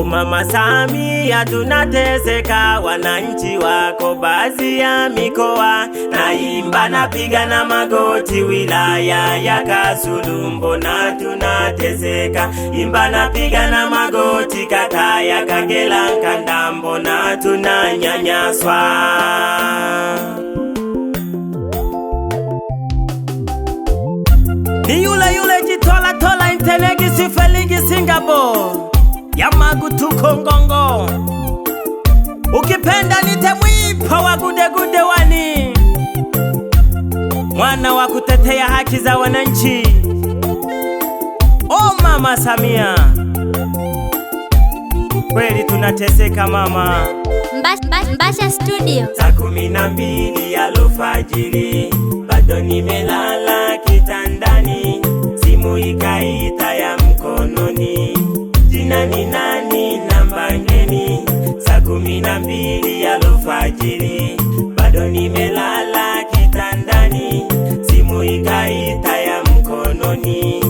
Umama Samia, tunateseka wananchi wako baadhi ya mikoa, naimba napiga na magoti wilaya ya Kasulumbo na tunateseka? Imba napiga na magoti kata ya kagela Kandambo na tunanyanyaswa? Ni yule yule wangu Ngongo, ukipenda nitamwipa wa gudegude wani, mwana wa kutetea haki za wananchi. O mama Samia, kweli tunateseka mama. Mbasha Studio, saa kumi na mbili alfajiri bado nimelala kitandani, simu ikaita ya mkononi, jina nani? kumi na mbili ya bado nimelala kitandani, simu ikaita ya mkononi,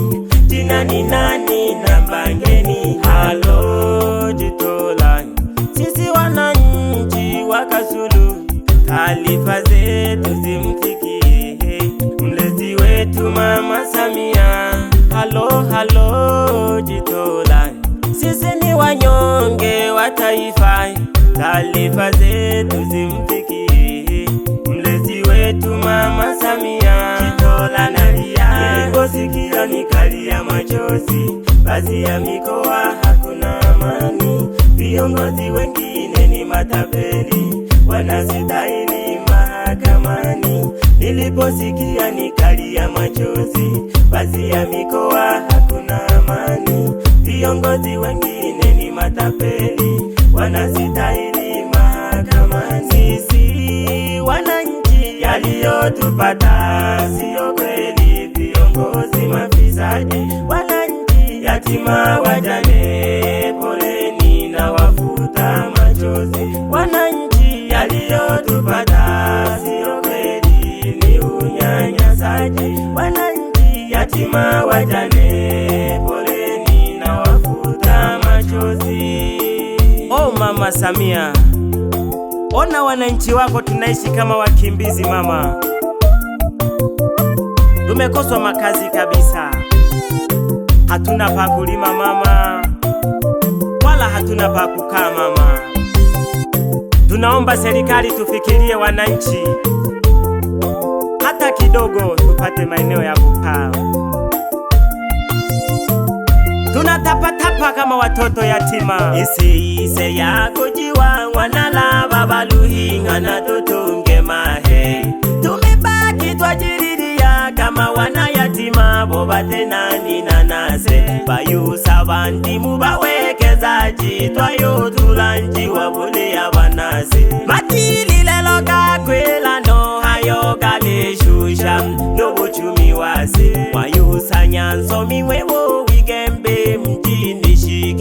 jina ni nani? Namba ngeni, halo Jitola, sisi wananchi wa Kasulu, taarifa zetu zimfikie mlezi wetu Mama Samia. Halo halo Jitola, sisi ni wanyonge wa taifa taarifa zetu zimfikie mlezi wetu Mama Samia Kitola na Lia. Niliposikia nikalia machozi, basi ya mikoa hakuna amani, viongozi wengine ni matapeli, wanazitaini mahakamani. Niliposikia nikalia machozi, basi ya mikoa hakuna amani, viongozi wengine ni matapeli wanastahili mahakamani. Sisi wananchi, yaliyotupata siyo kweli, viongozi mafisadi. Wananchi yatima, wajane, poleni na wafuta machozi. Wananchi yaliyotupata siyo kweli, ni unyanyasaji. Wananchi yatima, wajane Samia, ona wananchi wako tunaishi kama wakimbizi mama, tumekoswa makazi kabisa, hatuna pa kulima mama, wala hatuna pa kukaa mama. Tunaomba serikali tufikirie wananchi hata kidogo, tupate maeneo ya kukaa tunatapatapa kama watoto yatima. Iseise yakujiwa wanalava valuhinga na tutunge mahe, tumebaki twajiriria kama wana yatima vovate nani na nase vayusa vandimu vawekezaji twayo tulanji ya vanase matili lelo gakwela no hayo galishusha nobuchumi wase wayusa nyanso wewo wigem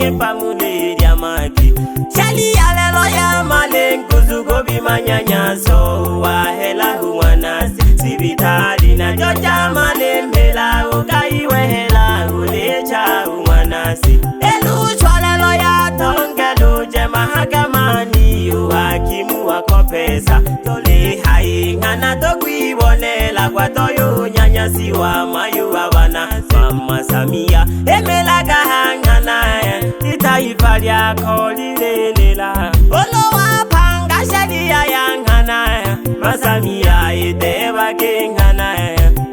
ndenge pamuneerya magi chaliyalelo ya male nkuzugobi manyanyaso wahelahu mwanasi sibitali na joja male mbela ukaiwehelahu lechahu mwanasi elucwalelo ya tongelu jemahagamani uhakimu wako pesa tolihaingana togwibonela kwa toyo nyanyasi wa mayu wa bana mama samia emelaga ipfa ryako rirerera uno wapanga shariya yankana masamiya ideva genkana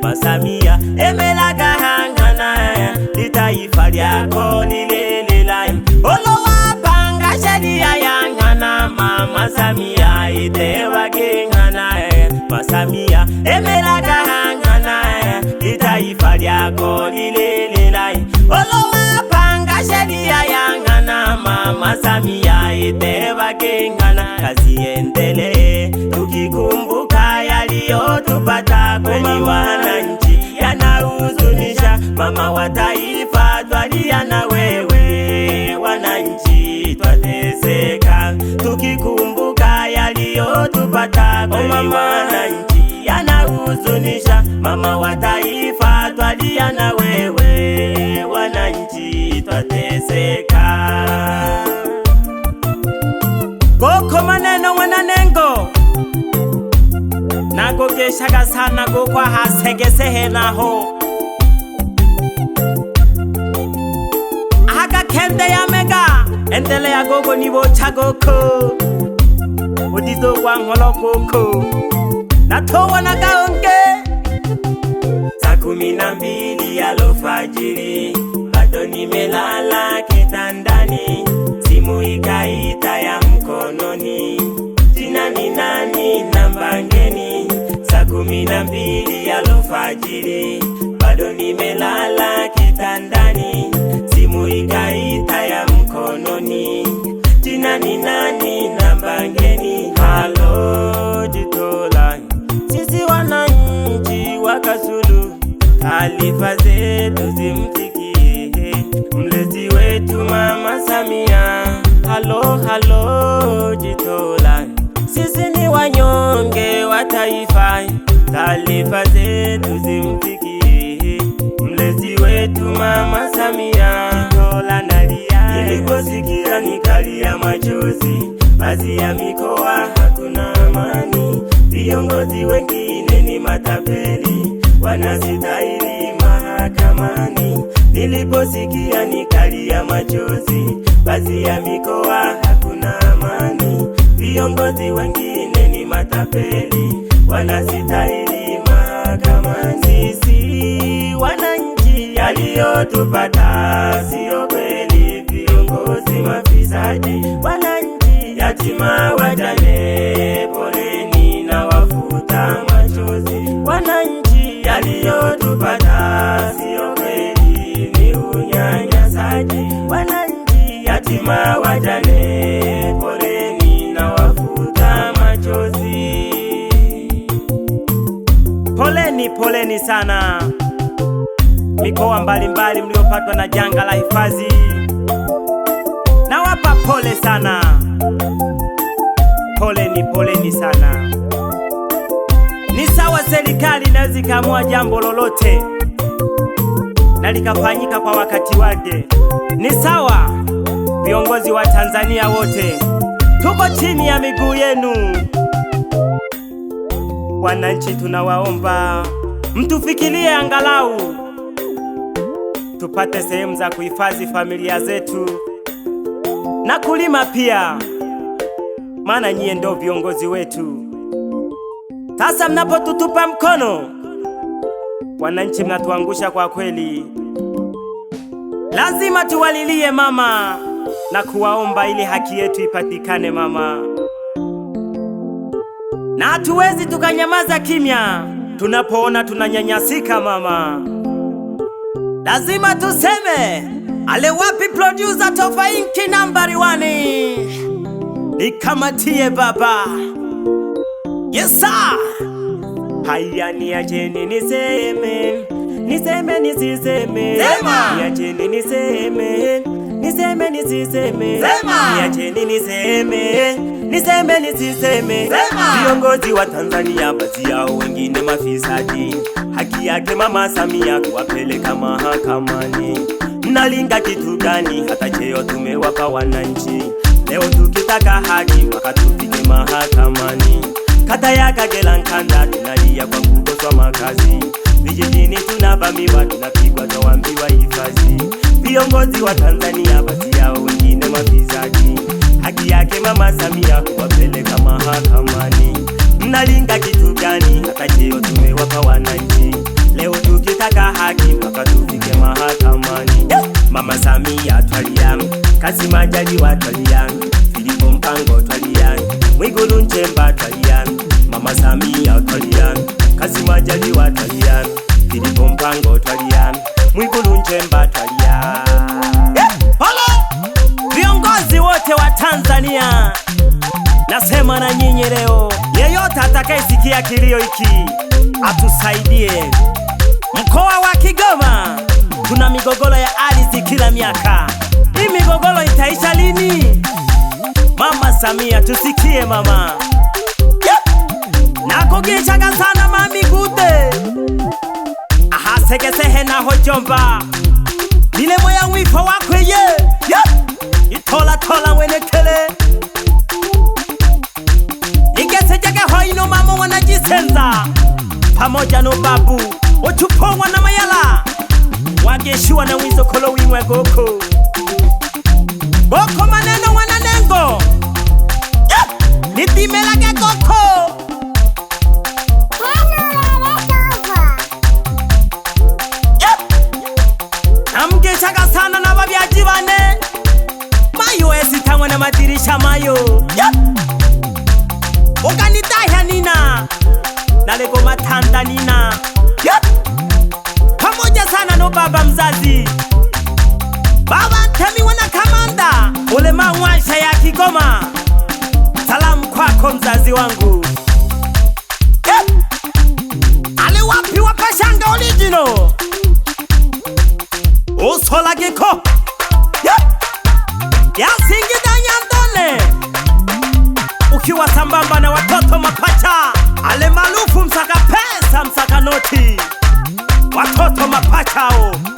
masamiya emera gahankana rita ipfa ryako rirerera uno wapanga shariya yankana ma masamiya ideva genkana masamiya emera gahankana rita ipfa ryako rirerera uno wapanga shariya Mama Samia itewagengana, kazi iendelee, tukikumbuka yaliyotupata kweli, wananchi yanahuzunisha. Mama wa taifa, twalia na wewe, wananchi twateseka, tukikumbuka yaliyotupata kweli, oh, wananchi yanahuzunisha. Mama wa taifa maneno wenanengo nago geshaga sana gokwa hasegesehenaho ahagakende yamega endelea gogo nibocha goko udizo gwa nkolo goko natowonagaonge saa kumi na mbili alofajiri bado nimelala kitandani kumi na mbili alfajiri, bado nimelala kitandani, simu ikaita ya mkononi, jina ni nani? na mbangeni? Halo Jitola, sisi wananchi wa Kasulu, taarifa zetu zimfikie mlezi wetu Mama Samia. Halo halo Jitola, sisi ni wanyonge wa taifa taarifa zetu zimfikie mlezi wetu Mama Samia. Dola nalia niliposikia nikalia machozi, baadhi ya mikoa hakuna amani, viongozi wengine ni matapeli, wanazitahiri mahakamani. Niliposikia nikalia machozi, baadhi ya mikoa hakuna amani, viongozi wengine ni matapeli wanastahili mahakamani. Sisi wananchi, yaliyotupata sio kweli, viongozi mafisadi. Wananchi yatima, wajane, poleni na wafuta machozi. Wananchi, yaliyotupata sio kweli, ni unyanyasaji. Wananchi yatima, wajane poleni sana mikoa mbalimbali mliopatwa na janga la hifadhi, nawapa pole sana, poleni, poleni sana. Ni sawa, serikali inaweza ikaamua jambo lolote na likafanyika kwa wakati wake. Ni sawa, viongozi wa Tanzania wote tuko chini ya miguu yenu. Wananchi tunawaomba mtufikirie angalau, tupate sehemu za kuhifadhi familia zetu na kulima pia, maana nyiye ndio viongozi wetu. Sasa mnapotutupa mkono, wananchi, mnatuangusha kwa kweli. Lazima tuwalilie mama na kuwaomba ili haki yetu ipatikane mama, na hatuwezi tukanyamaza kimya tunapoona tunanyanyasika, mama, lazima tuseme ale wapi producer Toffa Inki nambari wani, nikamatie baba. Yes sir, haya niacheni niseme, niseme nisiseme, sema niacheni niseme, niseme nisiseme, sema niacheni niseme niseme nisiseme, viongozi wa Tanzania baadhi yao wengine mafisadi. Haki yake Mama Samia kuwapeleka mahakamani, mnalinga kitu gani? Hata cheo tumewapa wananchi. Leo tukitaka haki wakatupige mahakamani. Kata ya Kagera Nkanda tunalia kwa kukoswa makazi, vijijini tunavamiwa, tunapigwa, tawambiwa hifadhi. Viongozi wa Tanzania baadhi yao wengine mafisadi haki yake Mama Samia kuwapeleka mahakamani. Mnalinga kitu gani? Hata cheo tumewapa wananchi. Leo tukitaka haki mpaka tufike mahakamani. Mama Samia twaliang, Kassim Majaliwa twaliang, Filipo Mpango twaliang, Mwigulu Nchemba twaliang, Mama Samia twaliang, Kassim Majaliwa twaliang, Filipo Mpango twaliang, Mwigulu Nchemba nasema na nyinyi leo, yeyote atakayesikia kilio hiki atusaidie. Mkoa wa Kigoma tuna migogoro ya ardhi kila miaka, hii migogoro itaisha lini? Mama Samia, tusikie mama. Yep. nakugishaga sana mami kute. aha segesehe naho jomba milemo ya mwifo wakweye yep. itola tola wenekele pamoja no babu wothuphongwa na mayala wakeshiwa na winzokholo wimwe goko goko maneno mwananengo yeah! nitimelake goko dale goma Tanzania yep. Pamoja sana no baba mzazi baba temi wana kamanda ule mawasha ya Kigoma, salamu kwako mzazi wangu yep. Ale wapi wapashanga original usola giko yep. yasingida nyandone ukiwa sambamba na watoto mapacha ale malufu msaka pesa msaka noti watoto mapachao mm.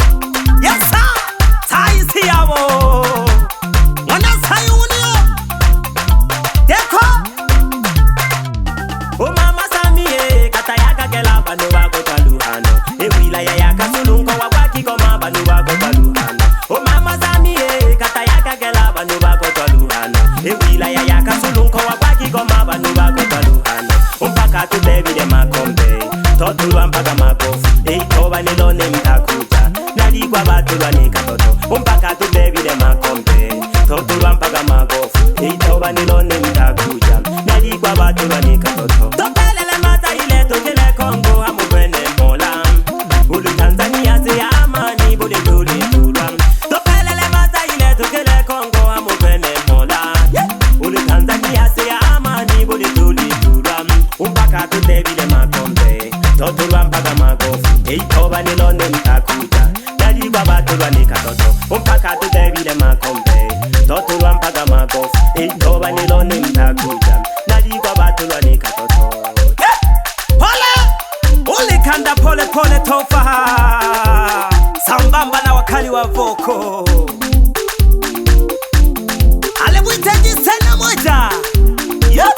pole tofa sambamba na wakali wa voko alivitejisena moja yep.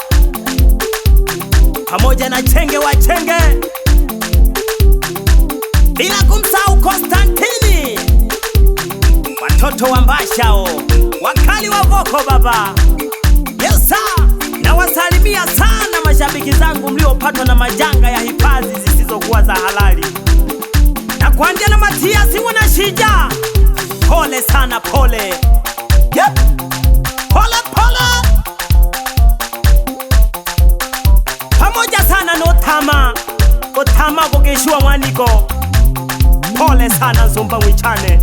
pamoja na chenge wa chenge bila kumsahau Konstantini watoto wa mbashao wakali wa voko baba yesa, nawasalimia sana mashabiki zangu mliopatwa na majanga halali na kwanja na Matiasi shija, pole sana, pole yep. Pole pole pamoja sana notama otama vogeshua mwaniko, pole sana Zumba Mwichane,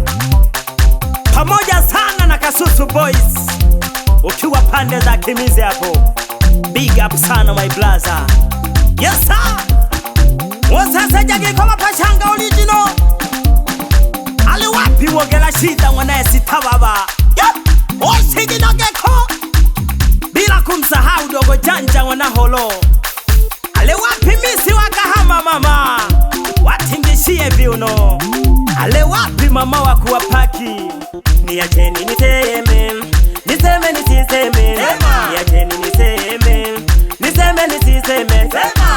pamoja sana na Kasusu Boys ukiwa pande za Kimizi hapo, big up sana my brother. Yes sir. Kasajage kama pashanga original. Aliwapi wogela shida mwanaye sitababa. Yep. Osigi nogeko. Bila kumsahau dogo janja wana holo. Aliwapi misi wakahama mama. Watingishie viuno. Aliwapi mama wa kuwapaki. Ni acheni niteme. Niseme nisiseme. Ni acheni niseme. Niseme nisiseme.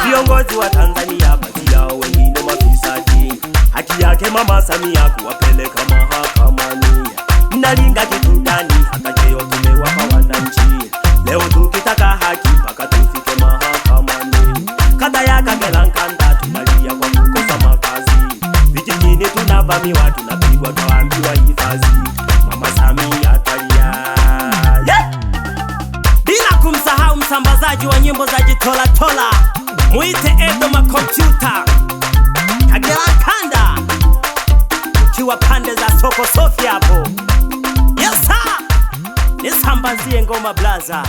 Viongozi wa Tanzania basi wengine mafisadi. Haki yake Mama Samia kuwapeleka mahakamani, mnalinga kitu gani? Ngoma Blaza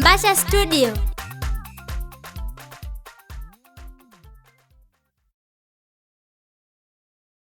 Mbasha Studio.